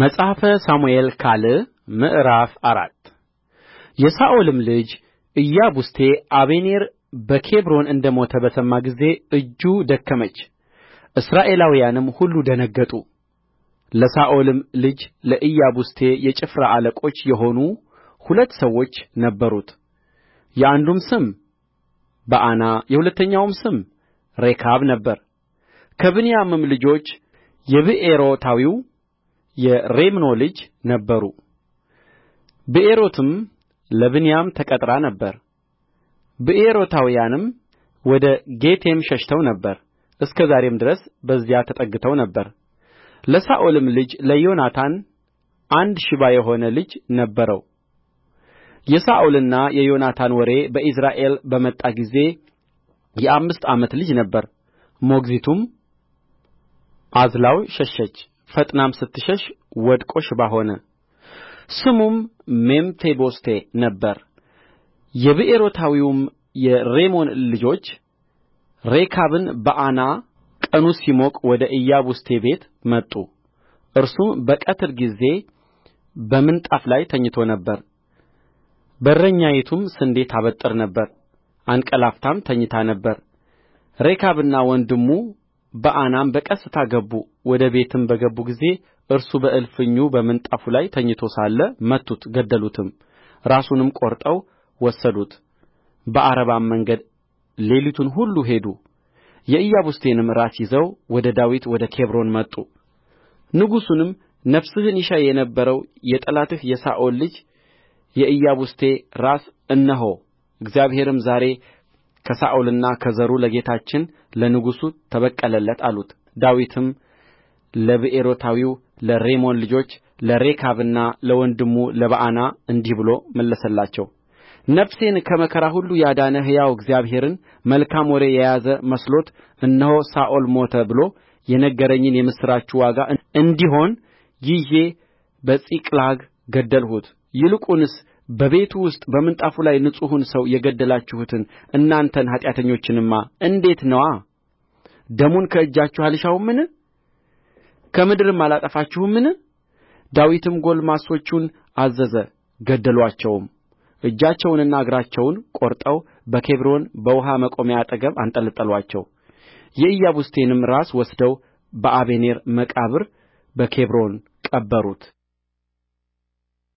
መጽሐፈ ሳሙኤል ካል ምዕራፍ አራት የሳኦልም ልጅ ኢያቡስቴ አበኔር በኬብሮን እንደ ሞተ በሰማ ጊዜ እጁ ደከመች፣ እስራኤላውያንም ሁሉ ደነገጡ። ለሳኦልም ልጅ ለኢያቡስቴ የጭፍራ አለቆች የሆኑ ሁለት ሰዎች ነበሩት። የአንዱም ስም በዓና የሁለተኛውም ስም ሬካብ ነበር። ከብንያምም ልጆች የብኤሮታዊው የሬሞን ልጆች ነበሩ ብኤሮትም ለብንያም ተቈጥራ ነበር ብኤሮታውያንም ወደ ጌቴም ሸሽተው ነበር እስከ ዛሬም ድረስ በዚያ ተጠግተው ነበር ለሳኦልም ልጅ ለዮናታን አንድ ሽባ የሆነ ልጅ ነበረው የሳኦልና የዮናታን ወሬ በኢይዝራኤል በመጣ ጊዜ የአምስት ዓመት ልጅ ነበረ ሞግዚቱም አዝላው ሸሸች ፈጥናም ስትሸሽ ወድቆ ሽባ ሆነ ስሙም ሜምፊቦስቴ ነበረ የብኤሮታዊውም የሬሞን ልጆች ሬካብን በዓና ቀኑ ሲሞቅ ወደ ኢያቡስቴ ቤት መጡ እርሱም በቀትር ጊዜ በምንጣፍ ላይ ተኝቶ ነበር። በረኛይቱም ስንዴ ታበጥር ነበር፣ አንቀላፍታም ተኝታ ነበር። ሬካብና ወንድሙ በዓናም በቀስታ ገቡ ወደ ቤትም በገቡ ጊዜ እርሱ በእልፍኙ በምንጣፉ ላይ ተኝቶ ሳለ መቱት ገደሉትም ራሱንም ቈርጠው ወሰዱት በዓረባም መንገድ ሌሊቱን ሁሉ ሄዱ የኢያቡስቴንም ራስ ይዘው ወደ ዳዊት ወደ ኬብሮን መጡ ንጉሡንም ነፍስህን ይሻ የነበረው የጠላትህ የሳኦል ልጅ የኢያቡስቴ ራስ እነሆ እግዚአብሔርም ዛሬ ከሳኦልና ከዘሩ ለጌታችን ለንጉሡ ተበቀለለት አሉት ዳዊትም ለብኤሮታዊው ለሬሞን ልጆች ለሬካብና ለወንድሙ ለበዓና እንዲህ ብሎ መለሰላቸው ነፍሴን ከመከራ ሁሉ ያዳነ ሕያው እግዚአብሔርን መልካም ወሬ የያዘ መስሎት እነሆ ሳኦል ሞተ ብሎ የነገረኝን የምሥራቹ ዋጋ እንዲሆን ይዤ በጺቅላግ ገደልሁት ይልቁንስ በቤቱ ውስጥ በምንጣፉ ላይ ንጹሑን ሰው የገደላችሁትን እናንተን ኃጢአተኞችንማ እንዴት ነዋ ደሙን ከእጃችሁ አልሻውምን ከምድርም አላጠፋችሁምን ዳዊትም ጕልማሶቹን አዘዘ ገደሉአቸውም እጃቸውንና እግራቸውን ቈርጠው በኬብሮን በውኃ መቆሚያ አጠገብ አንጠለጠሉአቸው የኢያቡስቴንም ራስ ወስደው በአበኔር መቃብር በኬብሮን ቀበሩት